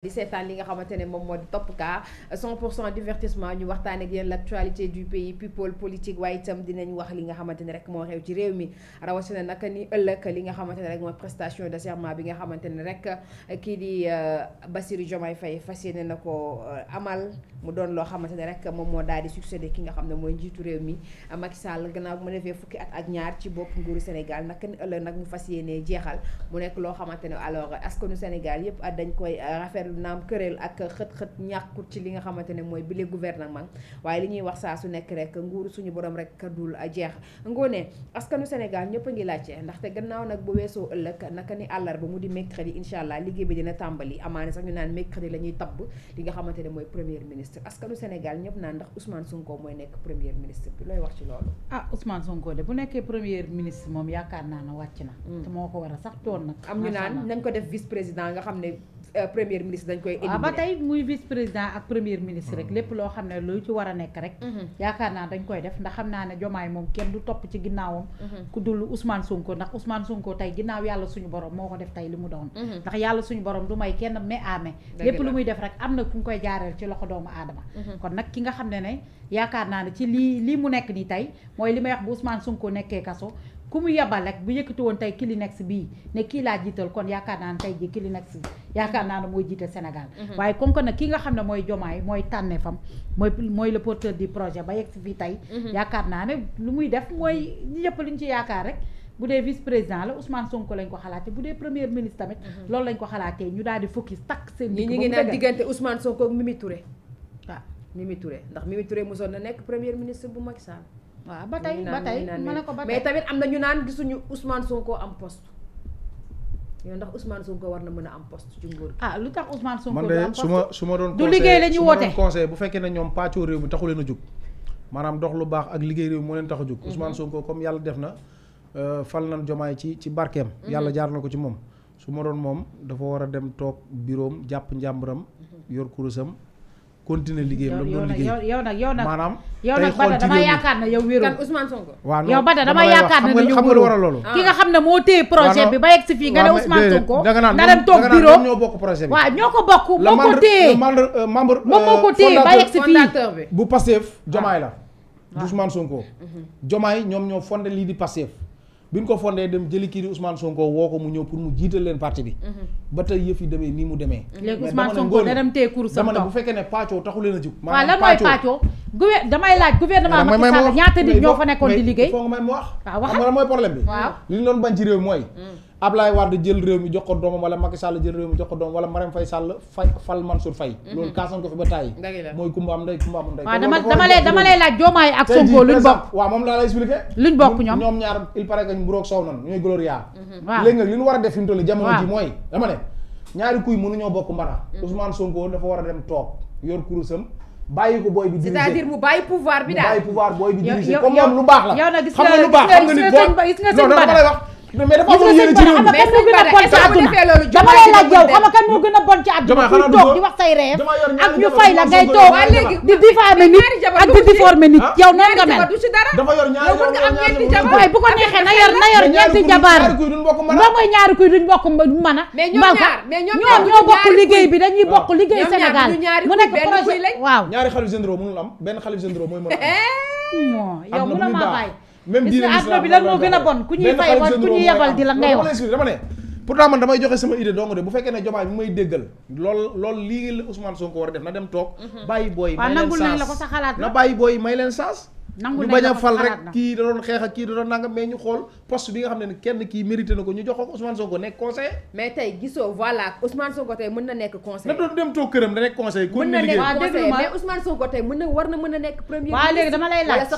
di seetaan li nga xamante ne moom moo topp Top Cas 100% divertissement ñu waxtaan ak yéen l' actualité du pays people politique waaye itam dinañ wax li nga xamante ne rek moo xew ci réew mi rawatina naka ni ëllëg li nga xamante ne rek mooy prestation de serment bi nga xamante ne rek kii di euh, Bassirou Diomaye Faye fas yéene na ko euh, amal mu doon loo xamante ne rek moom moo daal di succédé ki nga xam ne mooy njiitu réew mi euh, Macky Sall gannaaw bu defee fukki at ak ñaar ci bopp nguuru Sénégal naka ni nag mu fas yéene jeexal mu nekk loo xamante ne alors askanu Sénégal yëpp dañ koy rafetlu naam këréel ak xët-xët ñàkkut ci li nga xamante ne mooy bile gouvernement waaye li ñuy wax saa su nekk rek nguuru suñu borom rek dul a ngi laajte ndaxte ah, bu nekkee premier ministre moom yaakaar naa na wàcc na mm. te moo ko war a sax doon nag am ñu naan nañ ko def vice président nga xam ne Euh, premier ministre dañ koy éliminé ba tey muy vice président ak premier ministre rek mm. lépp loo xam ne lu ci war a nekk rek mm-hmm. yaakaar naa dañ koy def ndax xam naa ne jomaay moom kenn du topp ci ginnaawam mm-hmm. ku dul Ousmane Sonko ndax Ousmane Sonko ginnaaw yàlla suñu borom moo ko def tey li mu doon mm-hmm. ndax yàlla suñu borom du may kenn mais amee lépp lu muy def rek am na ku ñu koy jaareel ci loxo doomu aadama kon nag ki nga xam ne ne yaakaar naa ne ci lii lii mu nekk nii tey mooy li may wax bu Ousmane Sonko nekkee kaso ku mu yebal rek bu yëkkati woon tey Kleenex bii ne kii laa jiital kon yaakaar naa ne tey jii Kleenex bi yaakaar naa ne mooy jiite Sénégal mhm. waaye comme que nag ki nga xam ne mooy jomaay mooy tànneefam mooy mooy le porteur du projet ba yegg si fii tey mhm. yaakaar naa ne lu muy def mooy ñëpp lu ñu ci yaakaar rek bu dee vice président la Ousmane Sonko lañ ko xalaatee bu dee premier ministre tamit mhm. loolu lañ ko xalaatee ñu daal di focus takk seen ñi ñu ngi naan diggante Ousmane Sonko ak Mimi Touré waaw Mimi Touré ndax Mimi Touré mosoon na nekk premier ministre bu Macky Sall waaw ba a ba tey ma ne ko ba tey tamit am na ñu naan gisuñu Ousmane Sonko am poste yow ndax Ousmane ko war na mën a am poste ci nguur gi. ah lu tax Ousmane su ma su ma doon. du liggéey la woote bu fekkee ne ñoom pàccoo réew mi taxu leen a jóg. maanaam dox lu baax ak liggéey réew mi moo leen tax a jóg. Mhm. Ousmane Sonko comme yàlla def na euh, fal nañ jomaay ci ci barkeem. Mhm. yàlla jaar na ko ci moom. su ma doon moom dafa war a dem toog biroom jàpp njàmburam mhm. yor kurusam continuer liggéeyam la doon liggéey yow nag yow nag maanaam yow nag Bada dama yaakaar ne yow wéeru kan Ousmane Sonko waaw yow Bada dama yaakaar a ah. ki nga xam ne moo téye projet bi ba yegg fii nga ne Ousmane Sonko da nga naan na dem toog ñoo ko bokk moo euh, euh, ko téye ba yegg fii bu Pastef Jomaay la Ousmane Sonko Jomaay mhm. ñoom ñoo fondé lii di Pastef bi ñu ko fondee dem jëli kii di Ousmane Sonko woo ko mu ñëw pour mu jiital leen parti bi. Mhm. ba tey yëf demee nii mu demee. Mhm. léegi Ousmane Sonko da dem téye kurus dama ne bu fekkee ne pàccoo taxu leen a jug. waaw lan mooy pàccoo gouver damay laaj gouvernement Macky Sall ñaata nit ñoo fa nekkoon di liggéey. foo nga may mu wax. waaw wax mooy problème bi. waaw li ñu doon bañ ci réew mooy. Mhm. Ablaye Wade jël réew mi jox ko doomam wala Macky Sall jël réew mi jox ko doomam wala Marème Faye Sall fay fal Mansour Faye mhm. loolu kaas ko fi ba tàyyi mooy kumba ndey kumba amul ndey waaw dama dama lay dama lay a mhm. a ko booy bi diriger cest comme moom lu baax la yow nag gis nga gis nga gis nga sëñ ba gis nga sëñ ba mais dafa amul a bon dama lay laaj a bon ci àdduna kuy di wax nit ak di difformer nit ah. yow noonu nga mel waaye neexee na yor na yor ñeenti jabaar loo mooy ñaari kuy duñ bokk mën a mbal ko ñoom ñoo bokk liggéey bi dañuy bokk liggéey Sénégal mu nekk projet waaw ñaari xalif généraux mënul am benn xalif généraux a même diine islam bi moo gën a bon ku ñuy fay war ku ñuy yebal di la ngay wax dama ne pourtant man damay joxe sama idée dong de bu fekkee ne jomaay bi may déggal lool lool lii la Ousmane Sonko war a def na dem toog mhm. bàyyi booy may leen saas na bàyyi booy may leen saas nangu ñu bañ a bi nga nekk da a nekk premier. waaw dama lay laaj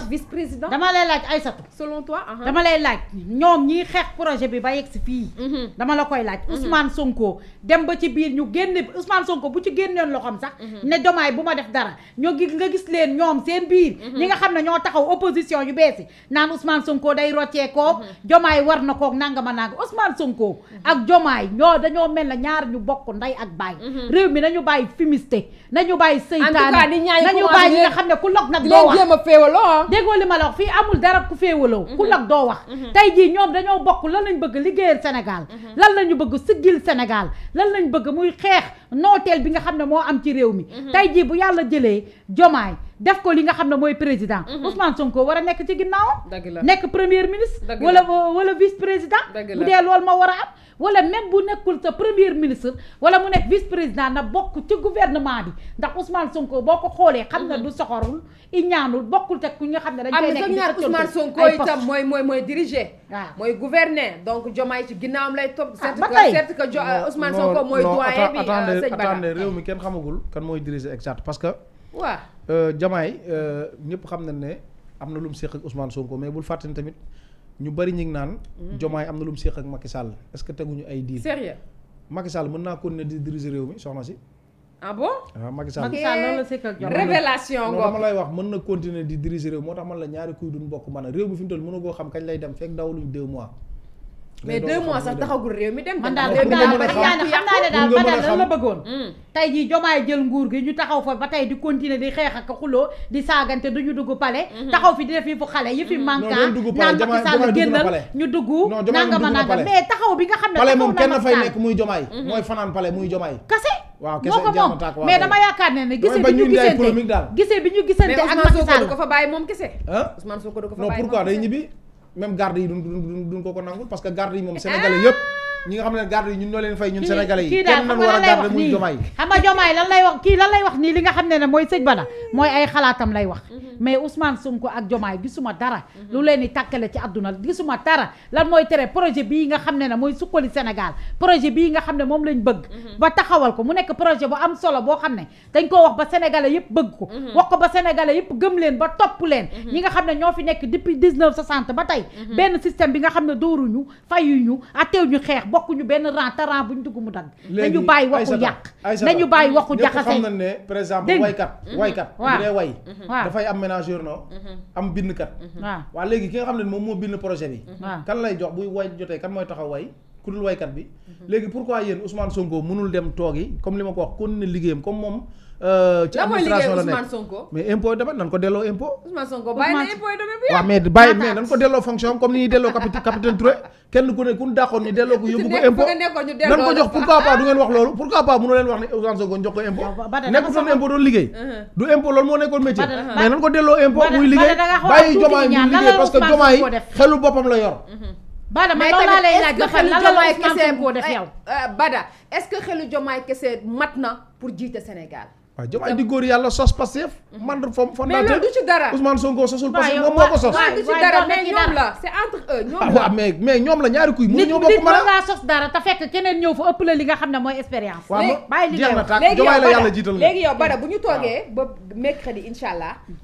dama lay laaj Aïssatou. Uh-huh. dama lay laaj ñoom ñiy xeex projet bi ba yegg si fii. Mm-hmm. dama la koy laaj mm-hmm. Ousmane Sonko dem ba ci biir ñu génne Ousmane Sonko bu ci génnoon loxoom sax. Mm-hmm. ne domaay bu ma def dara ñoo gi nga gis leen ñoom seen biir ñi nga xam ne ñoo taxaw opposition yu bees yi naan Ousmane Sonko day roccee koo mhm. jomaay war na kook nangama nang Ousmane Sonko mhm. ak jomaay ñoo dañoo mel na ñaar ñu bokk nday ak baay mhm. réew mi nañu bàyyi fumiste nañu bàyyi seytaane nañu bàyyi nga xam ne ku log nag doo wax jéem a féewaloo ah. déggoo li ma la wax fii amul dara ku féewaloo ku log doo wax jii ñoom dañoo bokk lan lañ bëgg liggéeyal Sénégal lan lañu bëgg siggil Sénégal lan lañ bëgg muy xeex nooteel bi nga xam ne moo am ci réew mi tey jii bu yàlla jëlee jomaay def ko li nga xam ne mooy président mhm. Ousmane Sonko war a nekk ci ginnaawam nekk premier ministre wala wala vice président bu dee loolu ma war a am wala même bu nekkul sa premier ministre wala mu nekk vice président na bokk ci gouvernement bi ndax Ousmane Sonko boo ko xoolee xam na mhm. du soxorul i ñaanul bokkul te ku nga xam ne dañ koy nekk ñaar Ousmane mooy mooy mooy diriger waaw mooy gouverner ci ginnaawam lay topp ah, certes que Ousmane euh, mi kenn xamagul kan mooy diriger exact parce que waaw euh, Diomaye euh, ñëpp xam na ne am na lu mu séq ak Ousmane Sonko mais bul fàttali tamit ñu bari ñu ngi naan. Mhm. Diomaye am na lu mu séq ak Macky Sall est-ce que teguñu ay diir. sérieux Macky Sall mën naa continuer di diriger réew mi soxna si. ah bon waaw ah, Macky Sall noonu la séq ak révélation non moo tax man la ñaari kuy duñ bokk man a réew mi fi mu toll mën na koo xam kañ lay dem fekk dawluñ deux mois. mais deux mois sax taxagul réew mi dem. man daal xam naa ne daal bëggoon. Mm. tey jii jomaay jël nguur gi ñu taxaw fa ba tey di continuer di xeex ak xuloo di saagante duñu dugg pale. Mm-hmm. taxaw fi di def yi fu xale yi fi manqué naan Macky Sall génnal ñu dugg nangama nangam mais taxaw bi nga xam ne pale moom kenn fay nekk muy jomaay mm-hmm. mooy fanaan pale muy jomaay kase waaw kese dama yaakaar ne ne gisee bi ñu gisante gisee bi ñu gisante ak Macky Sall ko fa bàyyi moom day ñibbi même garde yi duñ duñ duñ ko ko nangul parce que garde yi moom sénégalais yëpp ñi nga xam ne garde yi ñun ñoo leen fay ñun sénégalais yi kenn nañu war a garde muy jomaay xam nga jomaay lan lay wax kii lan lay wax nii li nga xam ne ne mooy sëñ Bada mooy ay xalaatam lay wax mhm. mais Ousmane Sonko ak jomaay gisuma dara mhm. lu leen di ci àdduna gisuma dara lan mooy tere projet bii nga xam ne ne mooy sukkali Sénégal projet bii nga xam ne moom lañ bëgg mhm. ba taxawal ko mu nekk projet bu am solo boo xam ne dañ koo wax ba sénégalais yëpp bëgg ko wax ko ba sénégalais yëpp gëm leen ba topp leen ñi nga xam ne ñoo fi nekk depuis 1960 ba tey benn système bi nga xam ne dóoruñu fayuñu atteewuñu xeex bokkuñu benn rang te rang buñ dugg mu dagg. léegi nañu bàyyi waxu yàq. nañu bàyyi waxu jaxase ñëpp xam na ne par exemple waykat. Mhm. waykat bu dee way. Mhm. waaw dafay am ménageur non mhm. am bindkat. waaw waaw léegi ki nga xam ne moom moo bind projet bi. kan lay jox buy way jotee kan mooy taxaw way. ku dul waykat bi léegi pourquoi yéen Ousmane Sonko mënul dem toogi comme li ma ko wax kon ne liggéeyam comme moom Euh, ci administration la nekk mais impôt domaine nan ko delloo impôt. Ousmane Sonko bàyyi na impôt domaine bu yàgg. mais bàyyi mais nan ko delloo fonction comme ni delloo capitaine Touré kenn ku ne ku ñu dàqoon ñu delloo ko yóbbu ko impôt nan ko jox pourquoi pas du ngeen wax loolu pourquoi pas mënu leen wax ne Ousmane Sonko jox ko impôt nekk doon impôt doon liggéey uh-huh. du impôt loolu moo nekkoon métier mais nan ko delloo impôt muy liggéey bàyyi jomaay muy liggéey parce que jomaay waaw Diomaye di góor yàlla sos Pastef. Mhm. man fom du ci dara Ousmane Sonko sosul Pastef moom moo ko sos. waaw du ci dara mais ñoom la c'est entre eux. Ah, mais ñoom la ñaari kuy. mënuñoo bokk mën a nit sos dara te fekk keneen ñëw fa ëpp la li nga xam ne mooy expérience. léegi yow bara bu ñu toogee ba mercredi incha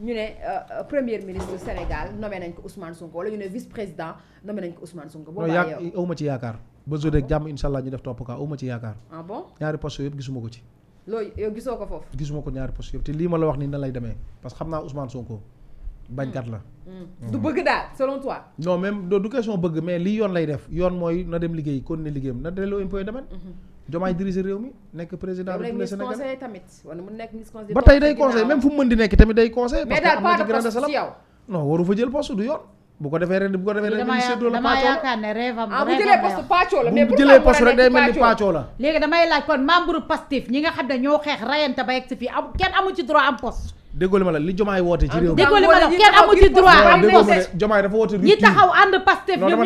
ñu ne euh, euh, premier ministre Sénégal nommé nañ ko Ousmane Sonko wala ñu ne vice président nommé nañ ko Ousmane Sonko. boo yaa awma ci yaakaar ba jour rek jàmm incha ñu loolu yow gisoo ko foofu. gisuma ko ñaari poste yëpp te lii ma la wax nii nan lay demee parce que xam naa Ousmane Sonko. bañkat la. Hmm. Hmm. Hmm. du bëgg daal selon toi. non du question bëgg mais lii yoon lay def yoon mooy na dem liggéey kon ne liggéeyam na delloo impôt domaine. Diomaye diriger réew mi nekk président. de tous les Sénégalais tamit wala mu nekk ministre conseil. ba tey day conseil même fu mu di nekk tamit day conseil. parce que am na ci grande salam mais daal pas de poste ci yow. bu ko defee rek bu ko defee rek dañuy séddoo la damaa yaakaar ne ah, la mais bu jëlee poste rek day mel ni pàccoo la léegi damay laaj kon membre Pastef ñi nga xam ne ñoo xeex rayante ba yegg si fii am kenn amu ci droit am poste déggoo li ma la li jomaay woote ci ah, réew mi déggoo li ma la kenn am jomaay dafa woote ñi taxaw ànd Pastef ne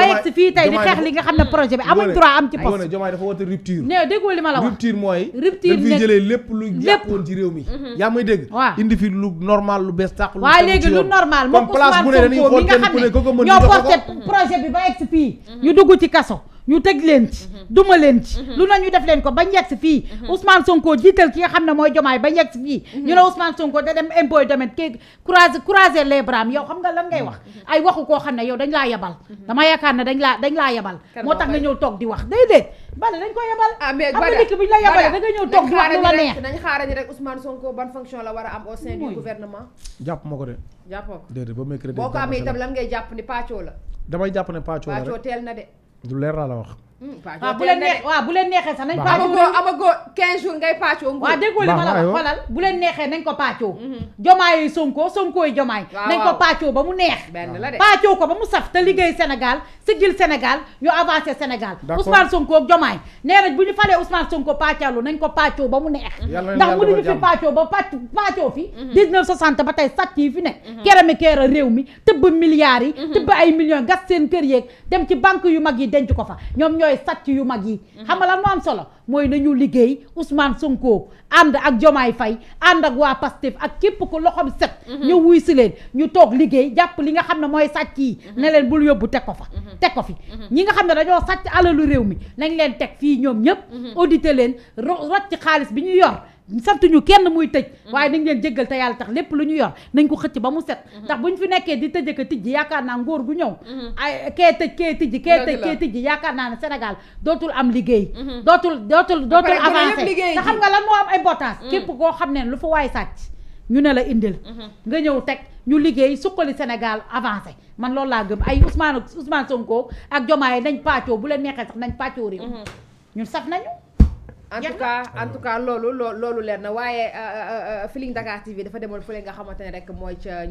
ba yegg si fii tey di xeex li nga xam ne projet bi amuñ droit am ci poste jomaay jëlee lépp lu yàqoon ci réew mi mhm. yaa may dégg waaw indi lu normal lu bees tàq lu waaw léegi lu normal moom place bu ne dañuy xool kenn ne ñoo porté projet bi ba yegg fii mhm. ñu dugg ci kaso ñu teg leen ci mhm. duma leen ci mhm. lu na ñu def leen ko bañ yegg si fii mhm. Ousmane Sonko jiital ki nga xam ne mooy jomaay bañ yegg si fii ñu ne Ousmane Sonko da dem impôt domaine kii croiser croiser les bras yow xam nga la ngay wax ay waxu koo xam ne yow dañ laa yebal dama yaakaar ne dañ laa dañ laa yebal moo tax nga ñëw toog di wax déedéet bale dañ ko yebal am na dikk bi ñu la yebalee da nga ñëw toog di wax lu la neex dañ xaarani rek Ousmane Sonko ban fonction la war a am au sein du gouvernement ko de jàppoo boo ko amee itam lan ngay jàpp ni pàccoo la damay jàpp ne pàccoo la pàccoo teel na de lu leer laa la wax. waaw hmm, ah, bu leen neexee waaw bu leen neexee sax nañ pàccoo amagoo 15 jours ngay pàccoo waaw déggoo li ma la wax xolal bu ko mhm. ba mu neex pàccoo ko ba mu saf te liggéey Sénégal siggil Sénégal ñu avancé Sénégal Ousmane Sonko ak jomaay nee na bu ñu falee Ousmane Sonko pàccaalu nañ ko pàccoo ba mu neex ndax mu ñu fi pàccoo ba pàcc pàccoo fi 1960 mhm. ba tey sàcc yi fi nekk mhm. kere mi kere réew mi tëbb milliards yi tëbb ay millions gas seen kër yeeg dem ci banque yu mag yi denc ko fa yooyu sàcc yu mag yi xam nga lan moo am solo mooy nañu liggéey Ousmane Sonko ànd ak Jomaay Fay ànd ak waa Pastef ak képp ku loxom set mhm. ñu wuy leen ñu toog liggéey jàpp li nga xam ne mooy sàcc yi mhm. ne leen bul yóbbu teg ko fa mhm. teg ko fi ñi nga xam ne dañoo sàcc alalu réew mi nañ leen teg fii ñoom ñëpp audité leen rocc xaalis bi ñu yor sant ñu kenn muy tëj mm-hmm. waaye nañ leen jéggal te yàlla tax lépp lu ñu yor nañ ko xëcc ba mu set mm-hmm. ndax buñ fi nekkee di tëj ak tijji yaakaar naa ngóor gu ñëw mm-hmm. ay kee tëj kee tijji kee tëj kee yaakaar naa ne Sénégal dootul am liggéey dootul dootul dootul avancé te xam nga lan moo am importance képp koo xam ne lu fa waay sàcc ñu ne la indil nga ñëw teg ñu liggéey suqali Sénégal avancé man loolu laa gëm ay Ousmane Ousmane Sonko ak Diomaye nañ pàccoo bu leen neex sax nañ pàccoo réew en tout cas ah en tout cas loolu loo loolu leer na waaye euh, euh, euh, Feeling Dakar TV dafa demoon fële nga xamante ne rek mooy ca